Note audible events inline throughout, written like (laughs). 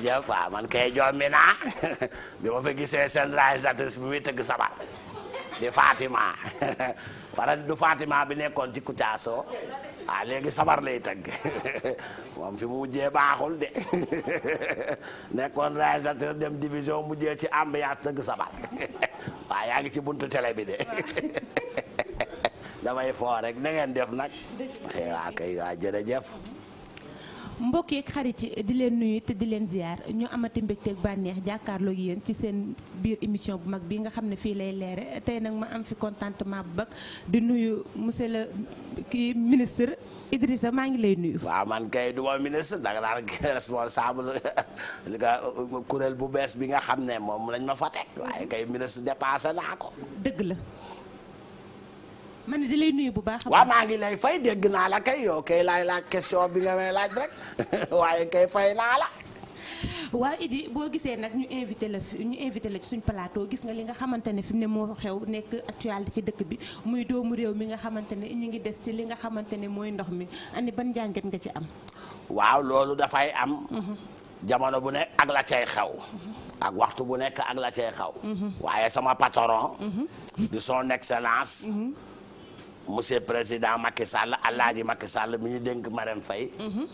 jërëjëf waaw man kay jombi naa bi ma fa gisee seen réalisatrice bi muy tëgg sabar di Fatima wala du Fatima bi nekkoon ci Kutaaso ah léegi sabar lay tëgg moom fi mu mujjee baaxul de nekkoon réalisateur dem division mujjee ci ambiance tëgg sabar waaw yaa ngi ci buntu télé bi (laughs) de damay foo rek na ngeen def nag waa kay waa jërëjëf mbokk yeeg xarit yi di leen nuyu te di leen ziar ñu amati mbégteeg bànneex jàkkaarloo yéen ci seen biir émission bu mag bi nga xam ne fii lay leere tey nag ma am fi contentement bu bag di nuyu monsieur le kii ministre Idrissa maa ngi lay nuyu. waaw man kay du ma ministre danga daan responsable (laughs) li kuréel bu bees bi nga xam ne moom lañ ma fa waaye kay ministre dépassé naa ko. dëgg la. man di lay nuyu bu baax. waaw maa ngi lay fay dégg naa la kay yow kay laay laaj question bi nga may laaj rek (laughs) waaye kay fay naa la. waaw Idy boo gisee nag ñu invité la fi ñu invité la ci suñ palaatoo gis nga li nga xamante ne fi mu ne moo xew nekk actualité ci dëkk bi muy doomu réew mi nga xamante ne ñu ngi des ci li nga xamante ne mooy ndox mi ani ban jàngat nga ci am. waaw loolu dafay am. Mhm. jamono bu nekk ak la cay xew. Mhm. ak waxtu bu nekk ak la cay xew. Mhm. waaye sama patron. de son excellence. monsieur président Macky Sall alaaji Macky Sall mi ñu dénk Marème Faye mhm.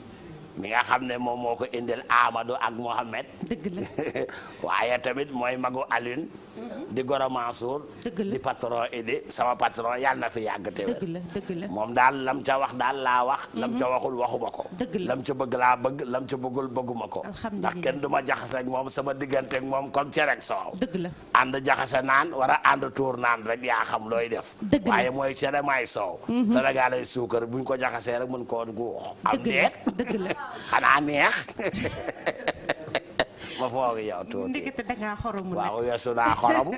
mi nga xam ne moom moo ko indil Amadou ak Mohamed. dëgg la (laughs) waaye tamit mooy magu Alioune. Mhm. di Gora Mansour. dëgg la patron Idi sama patron yàlla na fi yàgg te wér. moom daal lam ca wax daal laa wax. lam mhm. ca waxul waxuma ko. la lam ca bëgg laa bëgg lam ca bëggul bëgguma ko. ndax kenn du ma jaxase ak moom sama diggante moom comme cere ak soow. dëgg la ànd jaxase naan wara a ànd tuur naan rek yaa xam looy def. waaye mooy cere maay soow. Mhm. Sénégal suukar buñ ko jaxasee rek mën koo (laughs) xanaa neex (laughs) ma foog yow tuuti. ndikete da ngaa xorom nag waaw weesu naa xorom (laughs)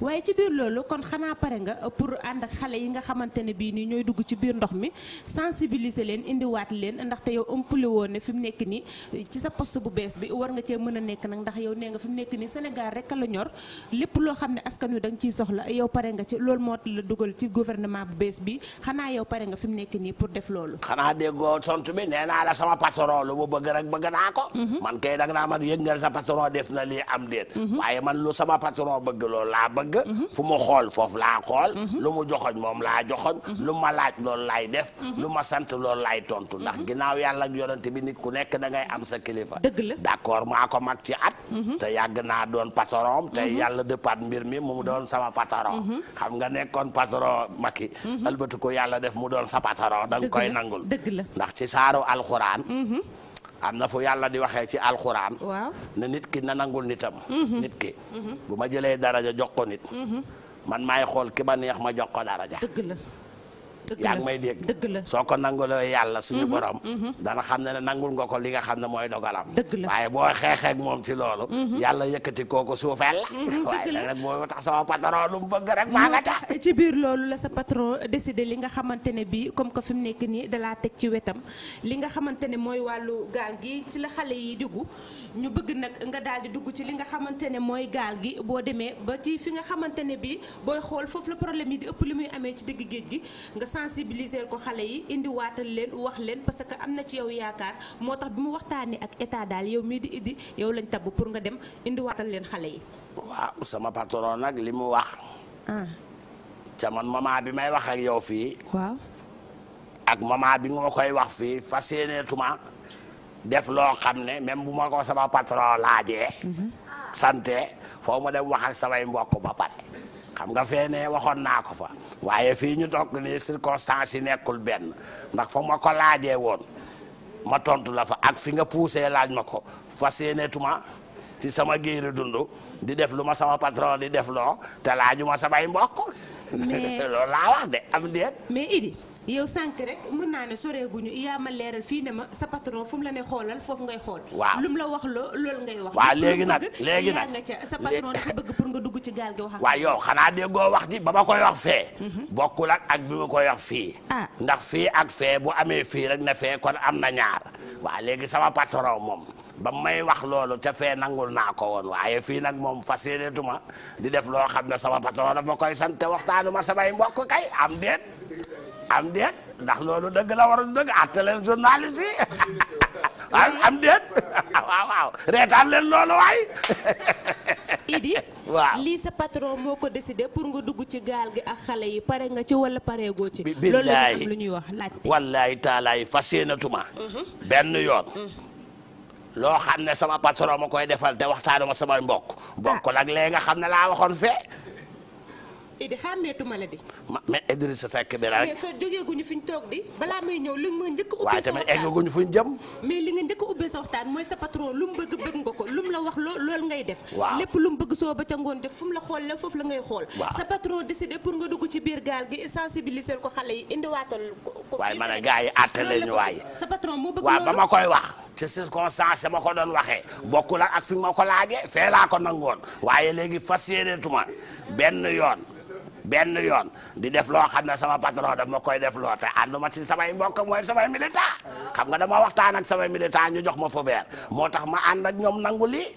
waaye ci biir loolu kon xanaa pare nga pour ànd ak xale yi nga xamante ne bii nii ñooy dugg ci biir ndox mi sensibiliser leen indiwaat leen ndaxte yow ëmpale woon ne fi mu nekk nii ci sa post bu bees bi war nga cee mën a nekk nag ndax yow nee nga fi mu nekk nii Sénégal rek la ñor lépp loo xam ne askan wi da nga ciy soxla yow pare nga ci loolu moo la dugal ci gouvernement bu bees bi xanaa yow pare nga fi mu nekk nii pour def loolu. xanaa déggoo tontu bi nee naa la sama patron lu mu bëgg rek bëgg naa ko. Mhm. man kay da nga man yëg nga sa patron def na lii am déet. Mhm. waaye man lu sama patron bëgg loolu bëgg mhm. fu mu xool foofu laa xool mhm. lu mu joxoñ moom laa joxoñ mhm. lu ma laaj loolu laay def lu ma sant lool laay tontu ndax ginnaaw yàlla ak bi nit ku nekk da ngay am sa kilifa dëgg la d'accord maa ko mag ci at te yàgg naa doon patron te yàlla dëppaat mbir mi mu doon sama patron xam nga nekkoon patron Macky albatu ko yàlla def mu doon sa patron da koy nangul ndax ci saaru alxuraan am na fu yàlla di waxe ci alxuraan. waaw ne nit ki na nangul nitam. Mhm. nit ki. Mhm. bu ma jëlee daraja jox ko nit. Mhm. man maay xool ki ma neex ma jox ko daraja. yaa ngi may dégg soo ko nanguloo yàlla suñu mhm. borom mhm. dana xam ne ne nangul nga ko li nga xam ne mooy dogalam waaye boo xeexeek moom ci loolu mhm. yàlla yëkkati kooku suufeel la waaye nag la sa patron décidé li nga xamante ne bi comme que fi mu nekk nii da laa teg ci wetam li nga xamante ne mooy wàllu gaal gi ci la xale yi dugg ñu bëgg nag nga daal dugg ci li nga xamante mooy gaal gi boo demee ba ci fi nga xamante ne bi booy xool foofu la problème yi di ëpp li muy amee ci digg géej gi nga sensibiliser ko xale yi indiwaatal leen wax leen parce que am na ci yow yaakaar moo tax bi mu waxtaanee ak état daal yow mii di iddi yow lañ tabb pour nga dem indiwaatal leen xale yi. waaw sama patron nag li mu wax. Ah. ca man maman bi may wax ak yow fii. waaw. ak maman bi nga wax fii fas def loo xam ne même bu ma ko sama patron laajee. Mhm. sante foo ma dem wax ak samay mbokk ba pare. xam nga fee ne waxoon naa ko fa waaye fii ñu toog nii circonstance yi nekkul benn ndax fa ma ko laajee woon ma tontu la fa ak fi nga poussé laaj ma ko fas yéeneetuma ci sama géeri dund di def lu ma sama patron di def loo te laaju ma samay mbokk. mais (laughs) laa wax de am déet. yow sànq rek mën naa ne soreeguñu yaa ma leeral fii ne ma sa patron fu la ne xoolal foofu ngay xool. waaw lu la wax loo loolu ngay wax. waaw léegi nag léegi sa patron dafa bëgg dugg ci gaal gi wax. waaw yow xanaa déggoo wax ji ba ma koy mhm. ak ak bi fii. Ah. ndax fii ak fee bu amee fii rek na fee kon am na ñaar waaw léegi sama patron moom ba may wax loolu te fee nangul naa ko woon waaye fii nag moom fas yéeneetuma di def loo xam ne sama patron dafa koy sant waxtaanu samay mbokk kay am déet. am déet ndax loolu dëgg la waroon dëgg àtte leen journaliste yi (laughs) am am déet (laughs) waaw waaw reetaan leen loolu waay. (laughs) Idi waaw lii sa patron moo ko décidé pour nga dugg ci gaal gi ak xale yi pare nga ci wala pareegoo ci. loolu la ñuy wax laajte. wallaahi taalaay fas yéenatuma. Mhm. benn yoon. Mhm. loo xam ne sama patron ma koy defal te waxtaanu ma mbokk. mbokk ah. nag nga xam ne laa waxoon fee. Idi xàmmeetuma la di. ma mais sa Seck bi rek. mais soo jógee guñu fi ñu toog di. balaa may ñëw li nga njëkk a. ubbee sa waxtaan fu ñu jëm. mais li nga njëkk a ubbee mooy sa patron lu mu bëgg bëgg nga ko lu mu la wax loo loolu ngay def. waaw lépp lu mu bëgg soo ba ca ngoon def fu mu la xool la foofu la ngay xool. sa patron décidé pour nga dugg ci biir gaal gi sensibiliser ko xale yi indiwaatal ko. waaye ma ne gars yi àtte lañu waaye. sa patron moo bëgg loolu waaw ba ma koy wax. ma ko doon waxee bokkul ak fi ma ko laajee fee laa ko nangoon waaye léegi fas yéeneetuma benn yoon benn yoon di def loo xam na sama patron daf ma koy def loo te ànduma ci samay mbokk mooy samay militant xam nga dama waxtaan ak samay militant ñu jox ma fa moo tax ma ànd ak ñoom nangu lii.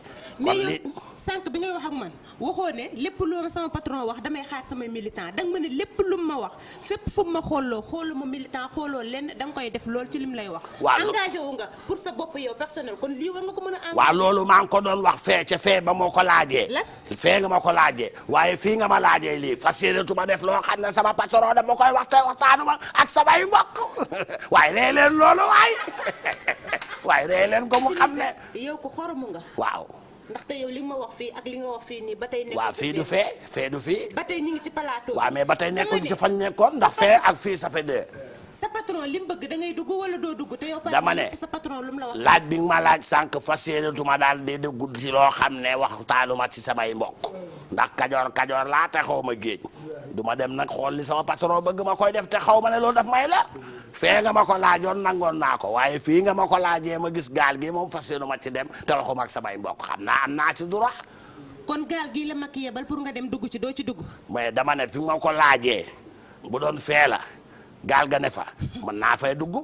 sànq bi ngay wax ak man waxoo ne lépp loo ma sama patron wax damay xaar samay militant danga ma ne lépp lu ma wax fépp fu ma xooloo xoolu ma militant xooloo lenn danga koy def lool ci lim lay wax. waaw pour sa bopp yow personnel kon lii war nga ko mën a. waaw loolu maa ngi ko doon wax fee ca fee ba moo ko laajee. lan fee nga ma ko laajee waaye fii nga ma laajee lii fas yéene tu ma def loo xam ne sama patron dama koy wax tey waxtaanu ma ak samay mbokk (laughs) waaye ree leen loolu waay (laughs) waaye ree leen ko mu xam ne. yow ko xoromu nga waaw. ndaxte yow li ma wax fii ak li nga wax fii nii ba tey. waaw fii du fee fee du fii. ba tey ñu ngi ci plateau. waaw mais ba tey nekkuñ ci fañ nekkoon ndax fee ak fii ça fait sa patron li mu bëgg da dama ne sa patron lu mu la wax. laaj bi nga ma laaj sànq fas yéenetuma daal di dugg ci loo xam ne ma ci samay mbokk ndax kajoor kajoor laa te xaw ma géej du ma dem nag xool li sama patron bëgg ma koy def te xaw ma ne loolu daf may la. fee nga ma ko laajoon nangoon naa ko waaye fii nga ma ko laajee ma gis gaal gi moom fas ma ci dem te waxuma ak samay mbokk xam naa am naa ci droit. kon gaal gii la ma ki yebal pour nga dem dugg ci doo ci dugg. mais dama ne fi ma ko laajee bu doon fee la. gaal ga ne fa mën naa fay dugg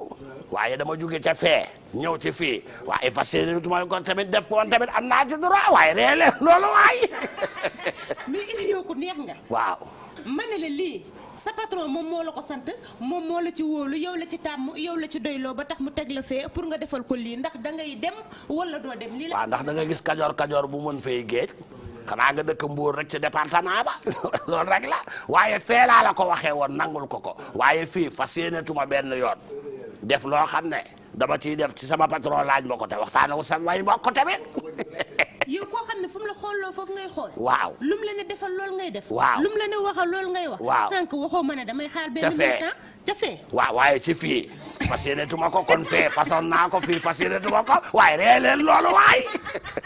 waaye dama jóge ca fee ñëw ci fii waaye fas yéene tuma kon tamit def ko tamit am naa ci droit waaye ree leen (laughs) loolu waay mais indi yow ku neex nga waaw ma la lii sa patron moom moo la ko sant moom moo la ci wóolu yow la ci tàmm yow la ci doyloo ba tax mu teg la fee pour nga defal ko lii ndax dangay ngay dem wala doo dem lii la waaw ndax da nga gis kajoor kajoor bu mën fay géej xanaa nga dëkk Mbour rek ci département ba (laughs) loolu rek la waaye fee la ko waxee woon nangul ko ko waaye fii fas yéenetuma benn yoon def loo xam ne dama ci def ci sama patron laaj ma ko te waxtaane wu sama way mbokk tamit (laughs) yow xam ne fu mu la xooloo foofu ngay xool. waaw lu la ne defal loolu ngay def. waaw lu la ne waxal loolu ngay wax. waaw sànq waxoo damay xaar benn. temps ca fee waaw waaye ci fii fas yéene tuma ko kon fee façon naa ko fii fas yéene tuma (laughs)